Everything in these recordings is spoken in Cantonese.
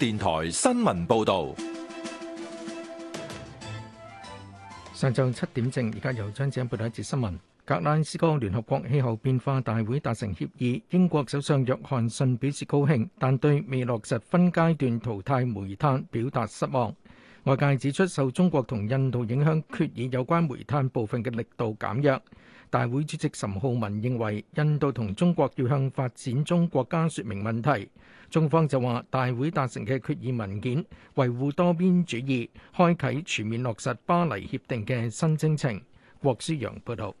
電台新聞報道，上晝七點正，而家由張姐報道一節新聞。格拉斯哥聯合國氣候變化大會達成協議，英國首相約翰遜表示高興，但對未落實分階段淘汰煤炭表達失望。外界指出，受中國同印度影響，決議有關煤炭部分嘅力度減弱。大會主席岑浩文認為，印度同中國要向發展中國家說明問題。中方就話，大會達成嘅決議文件維護多邊主義，開啟全面落實巴黎協定嘅新征程。郭思揚報道。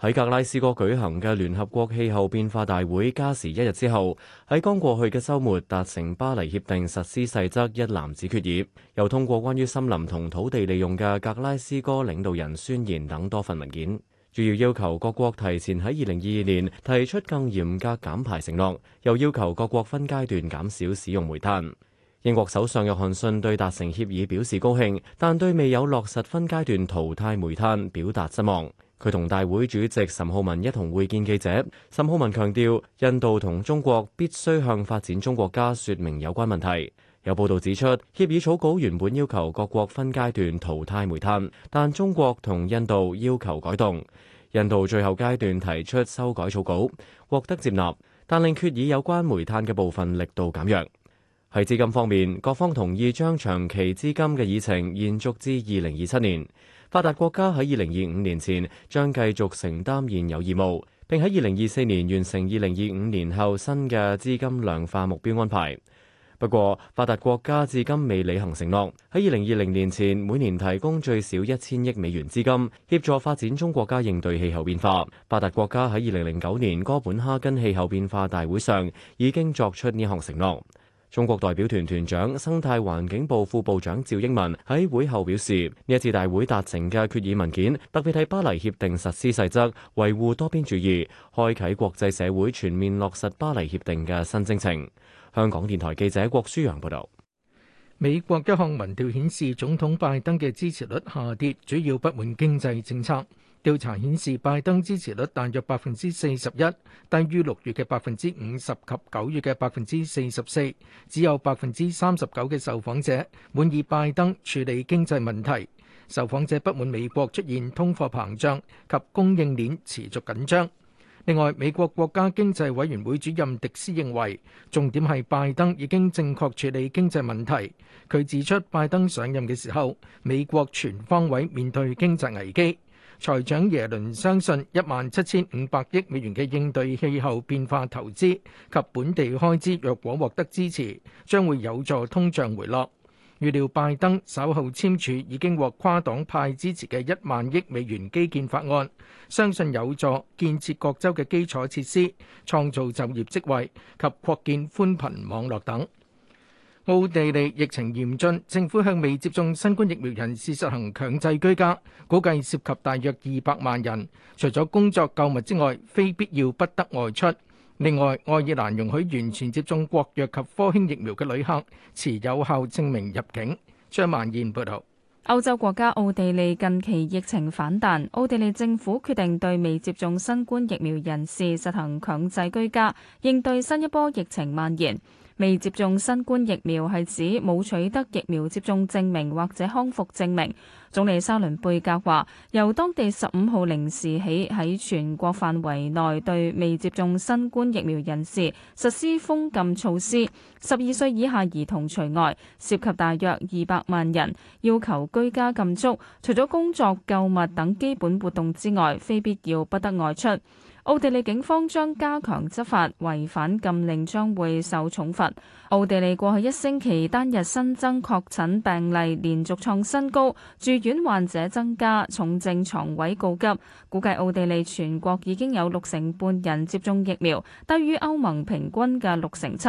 喺格拉斯哥舉行嘅聯合國氣候變化大會加時一日之後，喺剛過去嘅週末達成巴黎協定實施細則一攬子決議，又通過關於森林同土地利用嘅格拉斯哥領導人宣言等多份文件。主要要求各國提前喺二零二二年提出更嚴格減排承諾，又要求各國分階段減少使用煤炭。英國首相約翰遜對達成協議表示高興，但對未有落實分階段淘汰煤炭表達失望。佢同大會主席岑浩文一同會見記者，岑浩文強調印度同中國必須向發展中國家說明有關問題。有報道指出，協議草稿原本要求各國分階段淘汰煤炭，但中國同印度要求改動，印度最後階段提出修改草稿，獲得接納，但令決議有關煤炭嘅部分力度減弱。喺資金方面，各方同意將長期資金嘅議程延續至二零二七年。發達國家喺二零二五年前將繼續承擔現有義務，並喺二零二四年完成二零二五年後新嘅資金量化目標安排。不過，發達國家至今未履行承諾，喺二零二零年前每年提供最少一千億美元資金，協助發展中國家應對氣候變化。發達國家喺二零零九年哥本哈根氣候變化大會上已經作出呢項承諾。中國代表團團長、生態環境部副部長趙英民喺會後表示，呢一次大會達成嘅決議文件，特別係巴黎協定實施細則、維護多邊主義、開啟國際社會全面落實巴黎協定嘅新征程。香港電台記者郭舒陽報道。美國一項民調顯示，總統拜登嘅支持率下跌，主要不滿經濟政策。調查顯示，拜登支持率大約百分之四十一，低於六月嘅百分之五十及九月嘅百分之四十四。只有百分之三十九嘅受訪者滿意拜登處理經濟問題，受訪者不滿美國出現通貨膨脹及供應鏈持續緊張。另外，美國國家經濟委員會主任迪斯認為，重點係拜登已經正確處理經濟問題。佢指出，拜登上任嘅時候，美國全方位面對經濟危機。財長耶倫相信，一萬七千五百億美元嘅應對氣候變化投資及本地開支，若果獲得支持，將會有助通脹回落。預料拜登稍後簽署已經獲跨黨派支持嘅一萬億美元基建法案，相信有助建設各州嘅基礎設施、創造就業職位及擴建寬頻網絡等。奧地利疫情嚴峻，政府向未接種新冠疫苗人士實行強制居家，估計涉及大約二百萬人，除咗工作、購物之外，非必要不得外出。另外，愛爾蘭容許完全接種國藥及科興疫苗嘅旅客，持有效證明入境。張曼燕報導。歐洲國家奧地利近期疫情反彈，奧地利政府決定對未接種新冠疫苗人士實行強制居家，應對新一波疫情蔓延。未接種新冠疫苗，係指冇取得疫苗接種證明或者康復證明。總理沙倫貝格話，由當地十五號零時起，喺全國範圍內對未接種新冠疫苗人士實施封禁措施，十二歲以下兒童除外，涉及大約二百萬人，要求居家禁足，除咗工作、購物等基本活動之外，非必要不得外出。奧地利警方將加強執法，違反禁令將會受重罰。奧地利過去一星期單日新增確診病例連續創新高，住院患者增加，重症床位告急。估計奧地利全國已經有六成半人接種疫苗，低於歐盟平均嘅六成七。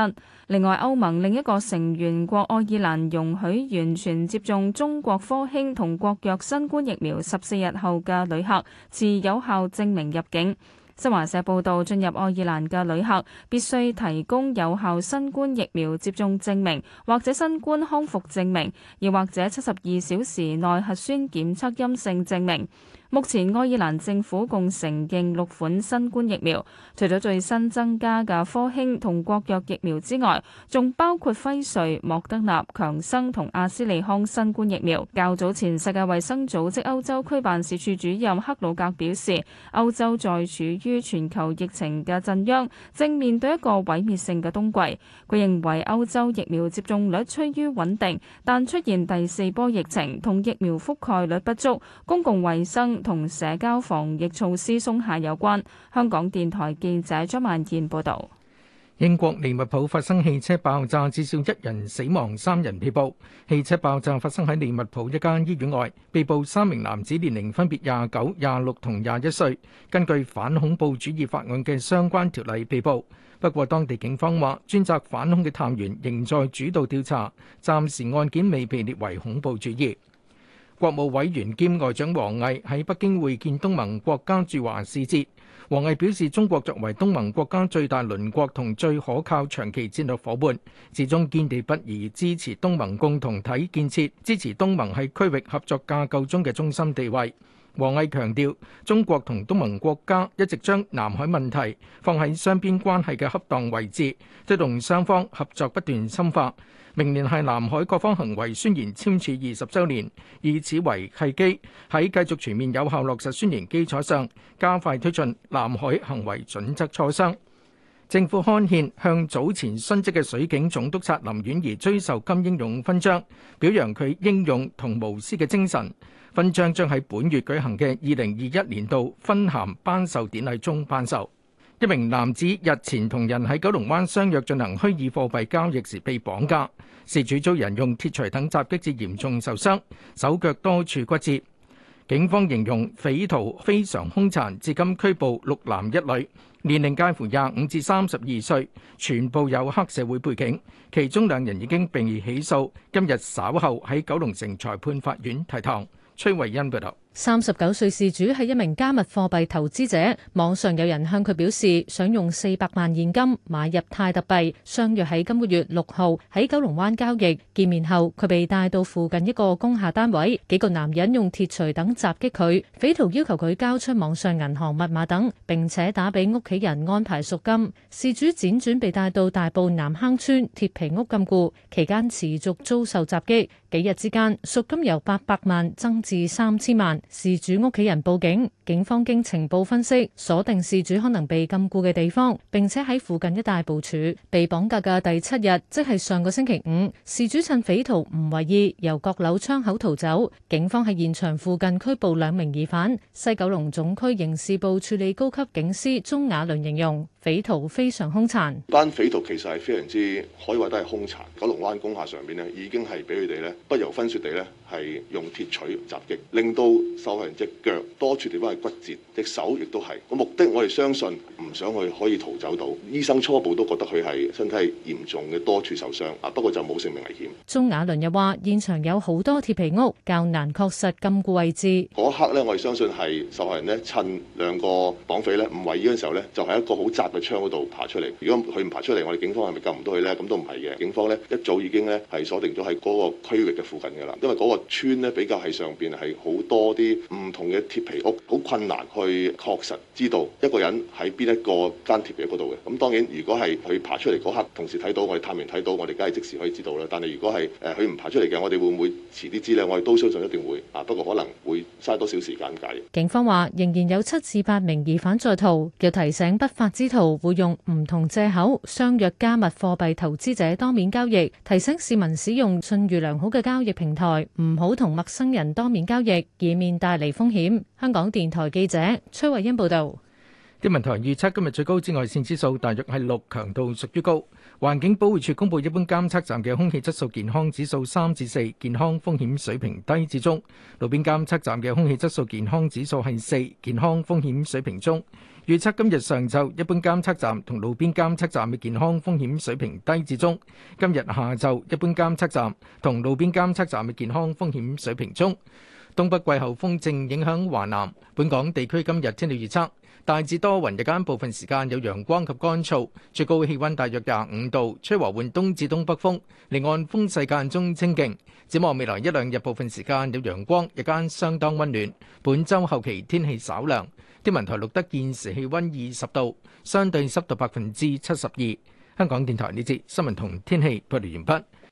另外，歐盟另一個成員國愛爾蘭容許完全接種中國科興同國藥新冠疫苗十四日後嘅旅客，持有效證明入境。新華社報道，進入愛爾蘭嘅旅客必須提供有效新冠疫苗接種證明，或者新冠康復證明，又或者七十二小時內核酸檢測陰性證明。目前愛爾蘭政府共承認六款新冠疫苗，除咗最新增加嘅科興同國藥疫苗之外，仲包括輝瑞、莫德納、強生同阿斯利康新冠疫苗。較早前世界衛生組織歐洲區辦事處主任克魯格表示，歐洲在處於全球疫情嘅震央，正面對一個毀滅性嘅冬季。佢認為歐洲疫苗接種率趨於穩定，但出現第四波疫情同疫苗覆蓋率不足，公共衛生同社交防疫措施鬆懈有關。香港電台記者張萬燕報導，英國利物浦發生汽車爆炸，至少一人死亡，三人被捕。汽車爆炸發生喺利物浦一間醫院外，被捕三名男子年齡分別廿九、廿六同廿一歲，根據反恐怖主義法案嘅相關條例被捕。不過，當地警方話，專責反恐嘅探員仍在主導調查，暫時案件未被列為恐怖主義。國務委員兼外長王毅喺北京會見東盟國家駐華使節。王毅表示，中國作為東盟國家最大鄰國同最可靠長期戰略夥伴，始終堅定不移支持東盟共同體建設，支持東盟喺區域合作架構中嘅中心地位。王毅強調，中國同東盟國家一直將南海問題放喺雙邊關係嘅恰當位置，推動雙方合作不斷深化。明年係南海各方行為宣言簽署二十週年，以此為契機，喺繼續全面有效落實宣言基礎上，加快推進南海行為準則磋商。政府刊憲向早前殉職嘅水警總督察林婉儀追授金英勇勳章，表揚佢英勇同無私嘅精神。勳章將喺本月舉行嘅二零二一年度勳銜頒授典禮中頒授。一名男子日前同人喺九龍灣相約進行虛擬貨幣交易時被綁架，事主遭人用鐵鎚等襲擊至嚴重受傷，手腳多處骨折。警方形容匪徒非常兇殘，至今拘捕六男一女，年齡介乎廿五至三十二歲，全部有黑社會背景，其中兩人已經並已起訴，今日稍後喺九龍城裁判法院提堂。崔慧欣報道。三十九歲事主係一名加密貨幣投資者，網上有人向佢表示想用四百萬現金買入泰特幣，相約喺今個月六號喺九龍灣交易。見面後，佢被帶到附近一個工廈單位，幾個男人用鐵錘等襲擊佢。匪徒要求佢交出網上銀行密碼等，並且打俾屋企人安排贖金。事主輾轉被帶到大埔南坑村鐵皮屋禁錮，期間持續遭受襲擊。幾日之間，贖金由八百萬增至三千萬。事主屋企人報警，警方經情報分析，鎖定事主可能被禁錮嘅地方，並且喺附近一帶部署。被綁架嘅第七日，即係上個星期五，事主趁匪徒唔為意，由閣樓窗口逃走。警方喺現場附近拘捕兩名疑犯。西九龍總區刑事部處理高級警司鍾亞倫形容。匪徒非常凶殘，班匪徒其實係非常之可以話都係凶殘。九龍灣工廈上邊咧已經係俾佢哋咧不由分說地咧係用鐵錘襲擊，令到受害人隻腳多處地方係骨折，隻手亦都係。個目的我哋相信唔想去可以逃走到。醫生初步都覺得佢係身體嚴重嘅多處受傷，啊不過就冇性命危險。鐘雅倫又話：現場有好多鐵皮屋，較難確實禁錮位置。嗰一刻咧，我哋相信係受害人咧趁兩個綁匪咧唔為意嗰時候咧，就係、是、一個好紮。喺窗嗰度爬出嚟。如果佢唔爬出嚟，我哋警方係咪救唔到佢咧？咁都唔係嘅。警方咧一早已經咧係鎖定咗喺嗰個區域嘅附近噶啦。因為嗰個村咧比較係上邊係好多啲唔同嘅鐵皮屋，好困難去確實知道一個人喺邊一個間鐵皮嗰度嘅。咁當然，如果係佢爬出嚟嗰刻，同時睇到我哋探員睇到，我哋梗係即時可以知道啦。但係如果係誒佢唔爬出嚟嘅，我哋會唔會遲啲知咧？我哋都相信一定會啊。不過可能會嘥多少時間解。警方話仍然有七至八名疑犯在逃，要提醒不法之徒，會用唔同借口相約加密貨幣投資者當面交易，提醒市民使用信譽良好嘅交易平台，唔好同陌生人當面交易，以免帶嚟風險。香港電台記者崔慧欣報道。天文台預測今日最高紫外線指數大約係六，強度屬於高。環境保護署公布一般監測站嘅空氣質素健康指數三至四，健康風險水平低至中。路邊監測站嘅空氣質素健康指數係四，健康風險水平中。預測今日上晝一般監測站同路邊監測站嘅健康風險水平低至中。今日下晝一般監測站同路邊監測站嘅健康風險水平中。東北季候風正影響華南，本港地區今日天氣預測。大致多雲，日間部分時間有陽光及乾燥，最高氣溫大約廿五度，吹和緩東至東北風，離岸風勢間中清勁。展望未來一兩日，部分時間有陽光，日間相當溫暖。本周後期天氣稍涼。天文台錄得現時氣溫二十度，相對濕度百分之七十二。香港電台呢節新聞同天氣報道完畢。